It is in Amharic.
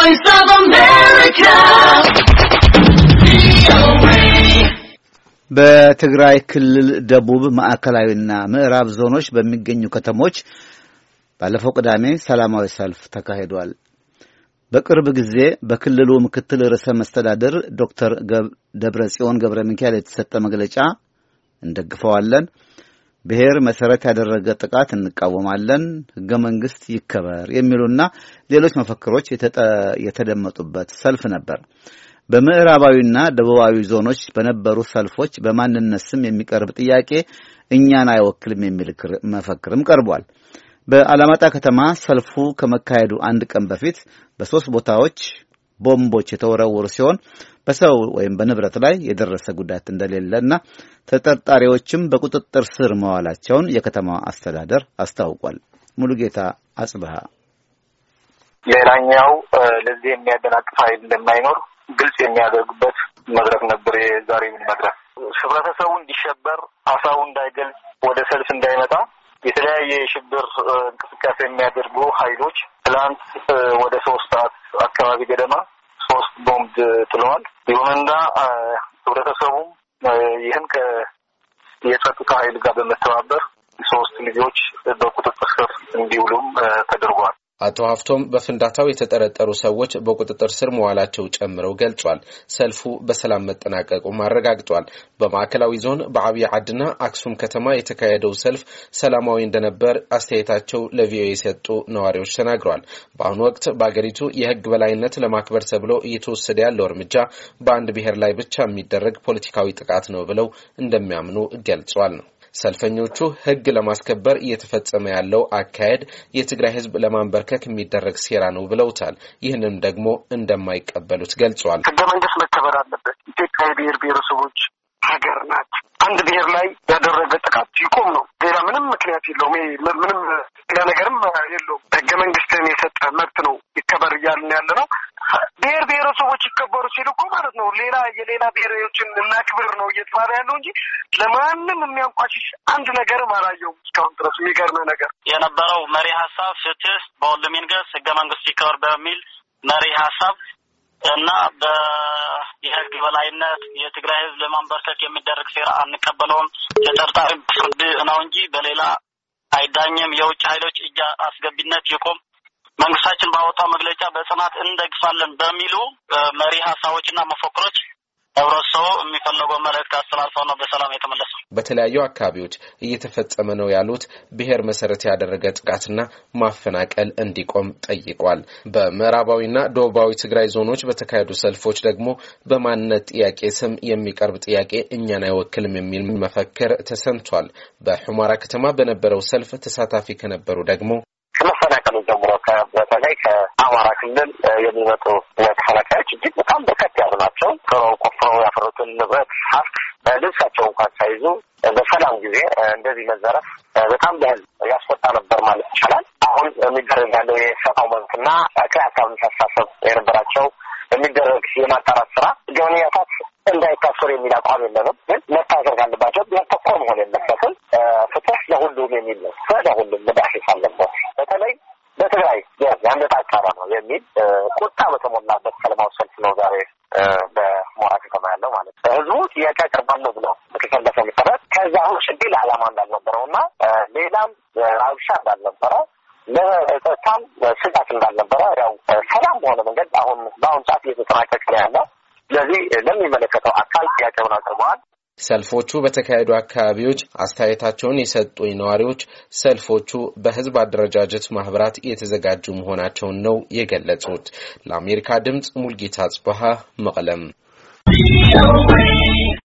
Voice of America. በትግራይ ክልል ደቡብ ማዕከላዊና ምዕራብ ዞኖች በሚገኙ ከተሞች ባለፈው ቅዳሜ ሰላማዊ ሰልፍ ተካሂዷል። በቅርብ ጊዜ በክልሉ ምክትል ርዕሰ መስተዳድር ዶክተር ደብረ ጽዮን ገብረ ሚካኤል የተሰጠ መግለጫ እንደግፈዋለን ብሔር መሰረት ያደረገ ጥቃት እንቃወማለን፣ ህገ መንግስት ይከበር የሚሉና ሌሎች መፈክሮች የተደመጡበት ሰልፍ ነበር። በምዕራባዊና ደቡባዊ ዞኖች በነበሩ ሰልፎች በማንነት ስም የሚቀርብ ጥያቄ እኛን አይወክልም የሚል መፈክርም ቀርቧል። በአላማጣ ከተማ ሰልፉ ከመካሄዱ አንድ ቀን በፊት በሶስት ቦታዎች ቦምቦች የተወረወሩ ሲሆን በሰው ወይም በንብረት ላይ የደረሰ ጉዳት እንደሌለ እና ተጠርጣሪዎችም በቁጥጥር ስር መዋላቸውን የከተማዋ አስተዳደር አስታውቋል። ሙሉጌታ አጽብሃ ሌላኛው ለዚህ የሚያደናቅፍ ኃይል እንደማይኖር ግልጽ የሚያደርግበት መድረክ ነበር። የዛሬ ምን መድረክ ህብረተሰቡ እንዲሸበር፣ አሳቡ እንዳይገልጽ፣ ወደ ሰልፍ እንዳይመጣ የተለያየ የሽብር እንቅስቃሴ የሚያደርጉ ኃይሎች ትላንት ወደ ሶስት አካባቢ ገደማ ሶስት ቦምብ ጥለዋል። ይሁንና ህብረተሰቡም ይህን የጸጥታ ኃይል ጋር በመተባበር ሶስት ልጆች በቁጥጥር ስር እንዲውሉም ተደርጓል። አቶ ሀፍቶም በፍንዳታው የተጠረጠሩ ሰዎች በቁጥጥር ስር መዋላቸው ጨምረው ገልጿል። ሰልፉ በሰላም መጠናቀቁም አረጋግጧል። በማዕከላዊ ዞን በአብይ ዓድና አክሱም ከተማ የተካሄደው ሰልፍ ሰላማዊ እንደነበር አስተያየታቸው ለቪኦኤ የሰጡ ነዋሪዎች ተናግረዋል። በአሁኑ ወቅት በአገሪቱ የህግ በላይነት ለማክበር ተብሎ እየተወሰደ ያለው እርምጃ በአንድ ብሔር ላይ ብቻ የሚደረግ ፖለቲካዊ ጥቃት ነው ብለው እንደሚያምኑ ገልጿል ነው ሰልፈኞቹ ህግ ለማስከበር እየተፈጸመ ያለው አካሄድ የትግራይ ህዝብ ለማንበርከክ የሚደረግ ሴራ ነው ብለውታል። ይህንም ደግሞ እንደማይቀበሉት ገልጿል። ህገ መንግስት መከበር አለበት። ኢትዮጵያ የብሔር ብሔረሰቦች ሀገር ናት። አንድ ብሔር ላይ ያደረገ ጥቃት ይቆም ነው። ሌላ ምንም ምክንያት የለውም። ምንም ሌላ ነገርም የለውም። ህገ መንግስትን የሰጠ መብት ነው ይከበር እያልን ያለ ነው። ብሔር ብሔረሰቦች ይከበሩ ሲል እኮ ማለት ነው ሌላ የሌላ ብሔሮችን እናክብር ነው እየተባለ ያለው እንጂ ለማንም የሚያንቋሽሽ አንድ ነገርም አላየሁም እስካሁን ድረስ። የሚገርመ ነገር የነበረው መሪ ሀሳብ ፍትህ በሁሉም ይንገስ፣ ህገ መንግስት ይከበር በሚል መሪ ሀሳብ እና የህግ በላይነት የትግራይ ህዝብ ለማንበርከክ የሚደረግ ሴራ አንቀበለውም። ተጠርጣሪ ፍርድ ነው እንጂ በሌላ አይዳኝም። የውጭ ኃይሎች እጅ አስገቢነት ይቁም። መንግስታችን ባወጣው መግለጫ በጽናት እንደግፋለን በሚሉ መሪ ሀሳቦችና መፎክሮች ህብረተሰቡ የሚፈለገው መልእክት አስተላልፈው ነው በሰላም የተመለሰው። በተለያዩ አካባቢዎች እየተፈጸመ ነው ያሉት ብሔር መሰረት ያደረገ ጥቃትና ማፈናቀል እንዲቆም ጠይቋል። በምዕራባዊና ደቡባዊ ትግራይ ዞኖች በተካሄዱ ሰልፎች ደግሞ በማንነት ጥያቄ ስም የሚቀርብ ጥያቄ እኛን አይወክልም የሚል መፈክር ተሰምቷል። በሑመራ ከተማ በነበረው ሰልፍ ተሳታፊ ከነበሩ ደግሞ ከመፈናቀሉ ጀምሮ በተለይ ከአማራ ክልል የሚመጡ ተፈናቃዮች እጅግ በጣም በርከት ያሉ ናቸው። ከሮ ቆፍሮ ያፈሩትን ንብረት ሀብት ልብሳቸው እንኳን ሳይዙ በሰላም ጊዜ እንደዚህ መዘረፍ በጣም በህል ያስቆጣ ነበር ማለት ይቻላል። አሁን የሚደረግ ያለው የሰብአዊ መብትና ከሀሳብ አስተሳሰብ የነበራቸው የሚደረግ የማጣራት ስራ ገበንያታት እንዳይታሰሩ የሚል አቋም የለንም። ግን መታሰር ካለባቸው ቢያተኮር መሆን የለበትም። ፍትህ ለሁሉም የሚል ነው። ለሁሉም መዳሴት አለበት። ኪሳራ ነው የሚል ቁጣ በተሞላበት ሰላማዊ ሰልፍ ነው ዛሬ በሞራ ከተማ ያለው ማለት ነው። ህዝቡ ጥያቄ አቀርባለሁ ብለው በተሰለፈ መሰረት ከዛ አሁን ሽዴ አላማ እንዳልነበረው እና ሌላም ረብሻ እንዳልነበረ ለጸጥታም ስጋት እንዳልነበረ ያው ሰላም በሆነ መንገድ አሁን በአሁን ሰዓት እየተጠናቀቀ ነው ያለው። ስለዚህ ለሚመለከተው አካል ጥያቄውን አቅርበዋል። ሰልፎቹ በተካሄዱ አካባቢዎች አስተያየታቸውን የሰጡኝ ነዋሪዎች ሰልፎቹ በህዝብ አደረጃጀት ማህበራት የተዘጋጁ መሆናቸውን ነው የገለጹት። ለአሜሪካ ድምጽ ሙልጌታ ጽበሃ መቀለም